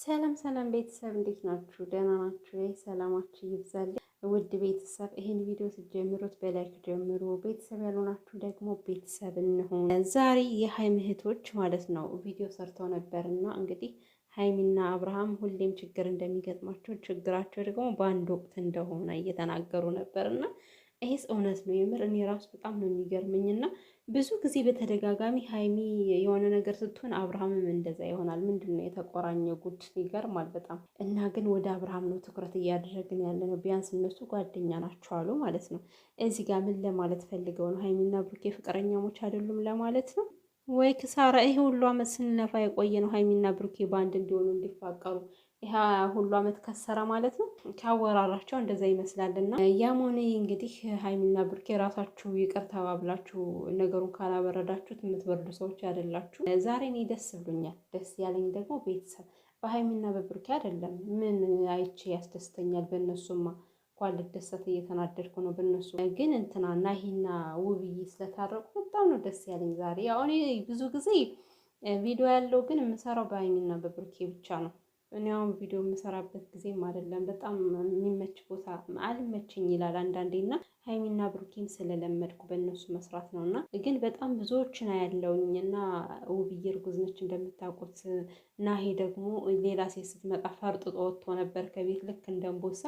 ሰላም ሰላም ቤተሰብ እንዴት ናችሁ? ደህና ናችሁ? ሰላማችሁ ይብዛልኝ ውድ ቤተሰብ። ይህን ቪዲዮ ስትጀምሩት በላይክ ጀምሩ። ቤተሰብ ያልሆናችሁ ደግሞ ቤተሰብ እንሁን። ዛሬ የሀይሚ እህቶች ማለት ነው ቪዲዮ ሰርተው ነበርና እንግዲህ ሀይሚና አብርሃም ሁሌም ችግር እንደሚገጥማቸው ችግራቸው ደግሞ በአንድ ወቅት እንደሆነ እየተናገሩ ነበርና ይሄስ እውነት ነው። የምር እኔ ራሱ በጣም ነው የሚገርምኝና። ብዙ ጊዜ በተደጋጋሚ ሀይሚ የሆነ ነገር ስትሆን አብርሃምም እንደዛ ይሆናል። ምንድን ነው የተቆራኘ ጉድ ይገርማል በጣም እና ግን ወደ አብርሃም ነው ትኩረት እያደረግን ያለ ነው። ቢያንስ እነሱ ጓደኛ ናቸው አሉ ማለት ነው። እዚህ ጋር ምን ለማለት ፈልገው ነው? ሀይሚና ብሩኬ ፍቅረኛሞች አይደሉም ለማለት ነው ወይ? ክሳራ ይሄ ሁሉ አመት ስንለፋ የቆየ ነው። ሀይሚና ብሩኬ በአንድ እንዲሆኑ እንዲፋቀሩ ይህ ሁሉ አመት ከሰራ ማለት ነው። ካወራራቸው እንደዛ ይመስላል። እና ያም ሆነ እንግዲህ ሀይሚና ብርኬ ራሳችሁ ይቅር ተባብላችሁ ነገሩን ካላበረዳችሁት የምትበርዱ ሰዎች አይደላችሁ። ዛሬ እኔ ደስ ብሎኛል። ደስ ያለኝ ደግሞ ቤተሰብ በሀይሚና በብርኬ አይደለም። ምን አይቼ ያስደስተኛል? በእነሱማ እንኳን ልደሰት እየተናደድኩ ነው በእነሱ። ግን እንትና ናሂና ውብዬ ስለታረቁ በጣም ነው ደስ ያለኝ ዛሬ። ያው እኔ ብዙ ጊዜ ቪዲዮ ያለው ግን የምሰራው በሀይሚና በብርኬ ብቻ ነው እኔ አሁን ቪዲዮ የምሰራበት ጊዜም አይደለም። በጣም የሚመች ቦታ አልመችኝ ይላል አንዳንዴ እና ሀይሚና ብሩኬን ስለለመድኩ በእነሱ መስራት ነው እና ግን በጣም ብዙዎችን ያለውኝ እና ውብዬ እርጉዝ ነች እንደምታውቁት። ናሄ ደግሞ ሌላ ሴት ስትመጣ ፈርጥጦ ወጥቶ ነበር ከቤት ልክ እንደንቦሳ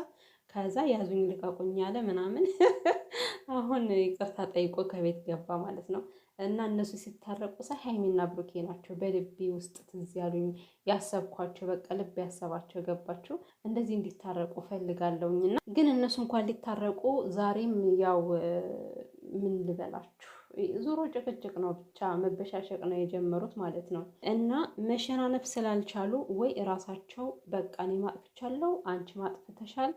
ከዛ ያዙኝ ልቀቁኝ ያለ ምናምን። አሁን ይቅርታ ጠይቆ ከቤት ገባ ማለት ነው። እና እነሱ ሲታረቁ ሳይ ሀይሚና ብሩኬ ናቸው በልቤ ውስጥ ትዝ ያሉኝ ያሰብኳቸው፣ በቃ ልብ ያሰባቸው ገባችሁ። እንደዚህ እንዲታረቁ ፈልጋለሁኝ እና ግን እነሱ እንኳን ሊታረቁ ዛሬም ያው ምን ልበላችሁ ዞሮ ጭቅጭቅ ነው፣ ብቻ መበሻሸቅ ነው የጀመሩት ማለት ነው። እና መሸናነፍ ስላልቻሉ ወይ ራሳቸው በቃ እኔ ማጥፍቻለሁ፣ አንቺ ማጥፍተሻል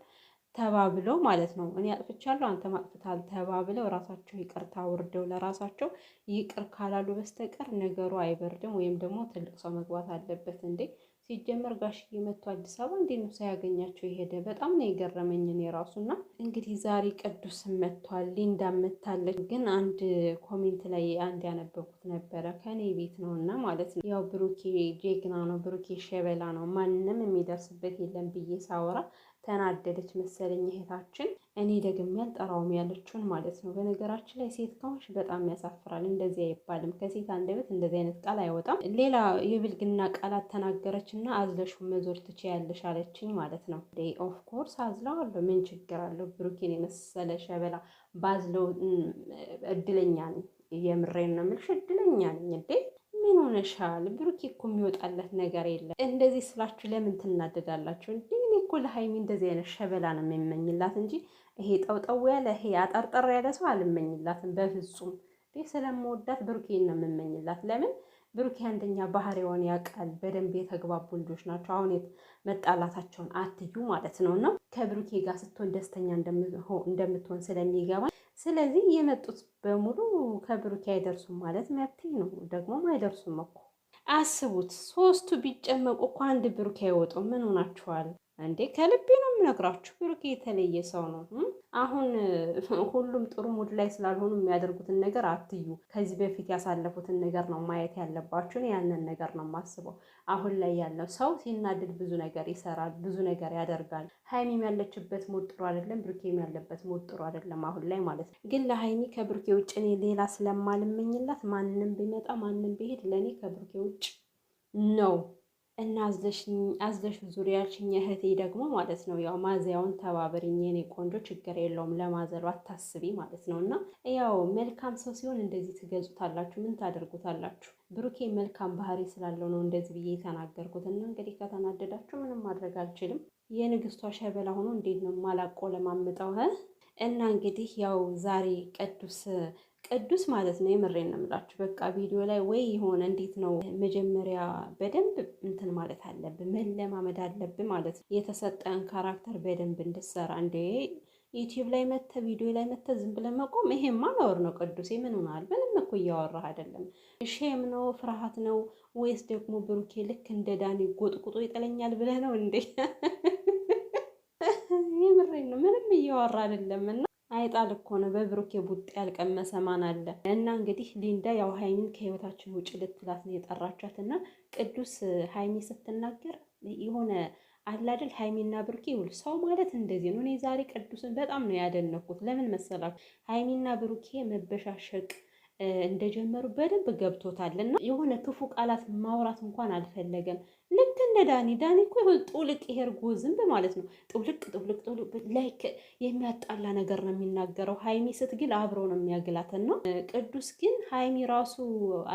ተባብለው ማለት ነው እኔ አጥፍቻለሁ አንተም አጥፍታል ተባብለው ራሳቸው ይቅርታ ውርደው ለራሳቸው ይቅር ካላሉ በስተቀር ነገሩ አይበርድም። ወይም ደግሞ ትልቅ ሰው መግባት አለበት እንዴ! ሲጀመር ጋሽዬ መጥቶ አዲስ አበባ እንዴት ነው ሳያገኛቸው የሄደ? በጣም ነው የገረመኝን የራሱና እንግዲህ ዛሬ ቅዱስ መጥቷል፣ ሊንዳ መታለች። ግን አንድ ኮሜንት ላይ አንድ ያነበብኩት ነበረ ከኔ ቤት ነው እና ማለት ነው ያው ብሩኬ ጀግና ነው፣ ብሩኬ ሸበላ ነው፣ ማንም የሚደርስበት የለም ብዬ ሳወራ ተናደደች መሰለኝ እህታችን። እኔ ደግሜ አልጠራውም ያለችውን ማለት ነው። በነገራችን ላይ ሴት ከሆንሽ በጣም ያሳፍራል። እንደዚህ አይባልም። ከሴት አንደበት እንደዚህ አይነት ቃል አይወጣም። ሌላ የብልግና ቃላት ተናገረች እና አዝለሹ መዞር ትችያለሽ አለችኝ ማለት ነው። ኦፍ ኮርስ አዝለዋለሁ። ምን ችግር አለው? ብሩኬን የመሰለ ሸበላ ባዝለው እድለኛ ነኝ። የምሬን ነው የምልሽ፣ እድለኛ ነኝ እንዴ ምን ሆነሻል? ብሩኬ እኮ የሚወጣለት ነገር የለም። እንደዚህ ስላችሁ ለምን ትናደዳላችሁ እንዴ? እኔ እኮ ለሀይሚ እንደዚህ አይነት ሸበላ ነው የምመኝላት እንጂ ይሄ ጠውጠው ያለ ይሄ አጠርጠር ያለ ሰው አልመኝላትም በፍጹም። ይህ ስለምወዳት ብሩኬን ነው የምመኝላት። ለምን ብሩኬ አንደኛ ባህሪዋን ያውቃል። በደንብ የተግባቡ ልጆች ናቸው። አሁን መጣላታቸውን አትዩ ማለት ነው እና ከብሩኬ ጋር ስትሆን ደስተኛ እንደምትሆን ስለሚገባ ስለዚህ የመጡት በሙሉ ከብሩኬ አይደርሱም ማለት መብቴ ነው። ደግሞም አይደርሱም እኮ አስቡት። ሶስቱ ቢጨመቁ እኮ አንድ ብሩኬ አይወጡም። ምን ሆናችኋል? እንዴ ከልቤ ነው የምነግራችሁ። ብሩኬ የተለየ ሰው ነው። አሁን ሁሉም ጥሩ ሙድ ላይ ስላልሆኑ የሚያደርጉትን ነገር አትዩ። ከዚህ በፊት ያሳለፉትን ነገር ነው ማየት ያለባችሁን። ያንን ነገር ነው የማስበው። አሁን ላይ ያለው ሰው ሲናድድ ብዙ ነገር ይሰራል፣ ብዙ ነገር ያደርጋል። ሀይሚም ያለችበት ሙድ ጥሩ አይደለም፣ ብሩኬም ያለበት ሙድ ጥሩ አይደለም አሁን ላይ ማለት ነው። ግን ለሀይሚ ከብሩኬ ውጭ እኔ ሌላ ስለማልመኝላት ማንም ቢመጣ ማንም ቢሄድ ለእኔ ከብሩኬ ውጭ ነው እና አዝለሽ ዙሪያ ያልሽኝ እህቴ ደግሞ ማለት ነው ያው ማዘያውን ተባበሪኝ የኔ ቆንጆ ችግር የለውም ለማዘሉ አታስቢ ማለት ነው። እና ያው መልካም ሰው ሲሆን እንደዚህ ትገዙታላችሁ፣ ምን ታደርጉታላችሁ? ብሩኬ መልካም ባህሪ ስላለው ነው እንደዚህ ብዬ የተናገርኩት። እና እንግዲህ ከተናደዳችሁ ምንም ማድረግ አልችልም። የንግስቷ ሸበላ ሆኖ እንዴት ነው ማላቆ ለማምጠው እና እንግዲህ ያው ዛሬ ቅዱስ ቅዱስ ማለት ነው። የምሬን ነው የምላችሁ። በቃ ቪዲዮ ላይ ወይ የሆነ እንዴት ነው መጀመሪያ በደንብ እንትን ማለት አለብን፣ መለማመድ አለብን ማለት ነው። የተሰጠን ካራክተር በደንብ እንድሰራ እንዴ ዩቲዩብ ላይ መተ ቪዲዮ ላይ መተ ዝም ብለን መቆም ይሄማ ነውር ነው። ቅዱሴ ምን ሆናል? ምንም እኮ እያወራህ አይደለም። ሼም ነው ፍርሃት ነው ወይስ ደግሞ ብሩኬ ልክ እንደ ዳኒ ጎጥቁጦ ይጠለኛል ብለህ ነው እንዴ? የምሬን ነው ምንም እያወራ አይደለም እና አይጣል እኮ ነው። በብሩኬ ቡጤ ያልቀመሰ ማን አለ? እና እንግዲህ ሊንዳ ያው ሀይሚን ከህይወታችን ውጭ ልትላት ነው የጠራቻት። እና ቅዱስ ሀይሚ ስትናገር የሆነ አላደል ሀይሚና ብሩኬ ይውል ሰው ማለት እንደዚህ ነው። እኔ ዛሬ ቅዱስን በጣም ነው ያደነኩት። ለምን መሰላችሁ? ሀይሚና ብሩኬ መበሻሸቅ እንደጀመሩ በደንብ ገብቶታል። እና የሆነ ክፉ ቃላት ማውራት እንኳን አልፈለገም። ልክ እንደ ዳኒ ዳኒ እኮ ይሁን ጡልቅ ይሄ እርጎ ዝንብ ማለት ነው። ጡልቅ ጡልቅ ጡልቅ ላይክ የሚያጣላ ነገር ነው የሚናገረው። ሀይሚ ስትግል አብሮ ነው የሚያግላተን ነው። ቅዱስ ግን ሀይሚ ራሱ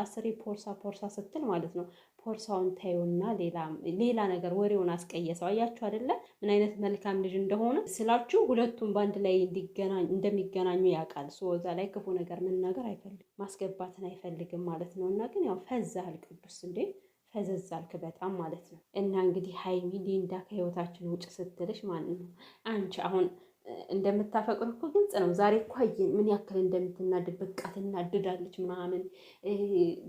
አስሬ ፖርሳ ፖርሳ ስትል ማለት ነው ፖርሳውን ታዩና ሌላ ነገር ወሬውን አስቀየሰው። አያችሁ አይደለ ምን አይነት መልካም ልጅ እንደሆነ ስላችሁ፣ ሁለቱም በአንድ ላይ እንደሚገናኙ ያውቃል። እዛ ላይ ክፉ ነገር መናገር አይፈልግም፣ ማስገባትን አይፈልግም ማለት ነው። እና ግን ያው ፈዛሃል ቅዱስ እንዴ ፈዘዝ አልክ በጣም ማለት ነው። እና እንግዲህ ሀይሚ ሊንዳ ከህይወታችን ውጭ ስትልሽ ማን ነው አንቺ አሁን እንደምታፈቅር እኮ ግልጽ ነው። ዛሬ እኮ አየን ምን ያክል እንደምትናድድ በቃ ትናድዳለች ምናምን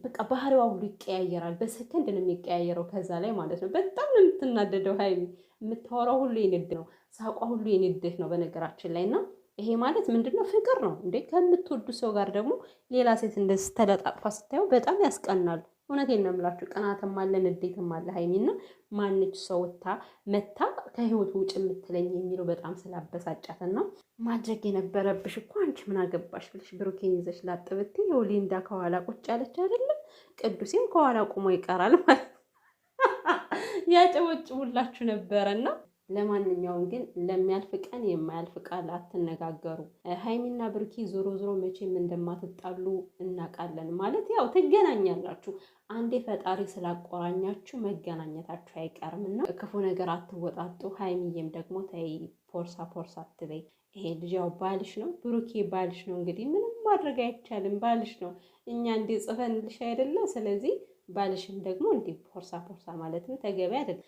በቃ ባህሪዋ ሁሉ ይቀያየራል። በሰከንድ ነው የሚቀያየረው። ከዛ ላይ ማለት ነው በጣም ነው የምትናደደው ሀይሚ። የምታወራው ሁሉ የንድ ነው፣ ሳቋ ሁሉ የንድህ ነው በነገራችን ላይ እና ይሄ ማለት ምንድነው? ፍቅር ነው እንዴ? ከምትወዱ ሰው ጋር ደግሞ ሌላ ሴት እንደዚህ ተለጣጥፋ ስታየው በጣም ያስቀናል። እውነቴን ነው የምላችሁ። ቅናትም አለ ንዴትም አለ። ሀይሚና ማንች ሰውታ መታ ከህይወት ውጭ የምትለኝ የሚለው በጣም ነው። ማድረግ የነበረብሽ እኮ አንቺ ምን አገባሽ ብለሽ ብሩኬን ይዘሽ ላጥብት ሊንዳ ከኋላ ቁጭ ያለች አይደለም፣ ቅዱሴም ከኋላ ቁሞ ይቀራል ማለት ያጨበጭቡላችሁ ነበረና ለማንኛውም ግን ለሚያልፍ ቀን የማያልፍ ቃል አትነጋገሩ። ሀይሚና ብርኪ ዞሮ ዞሮ መቼም እንደማትጣሉ እናውቃለን። ማለት ያው ትገናኛላችሁ። አንዴ ፈጣሪ ስላቆራኛችሁ መገናኘታችሁ አይቀርም እና ክፉ ነገር አትወጣጡ። ሀይሚዬም ደግሞ ተይ ፖርሳ ፖርሳ አትበይ። ይሄ ልጅ ያው ባልሽ ነው፣ ብሩኬ ባልሽ ነው። እንግዲህ ምንም ማድረግ አይቻልም። ባልሽ ነው። እኛ እንዲ ጽፈንልሽ አይደለ? ስለዚህ ባልሽም ደግሞ እንዲ ፖርሳ ፖርሳ ማለትም ተገቢ አይደለም።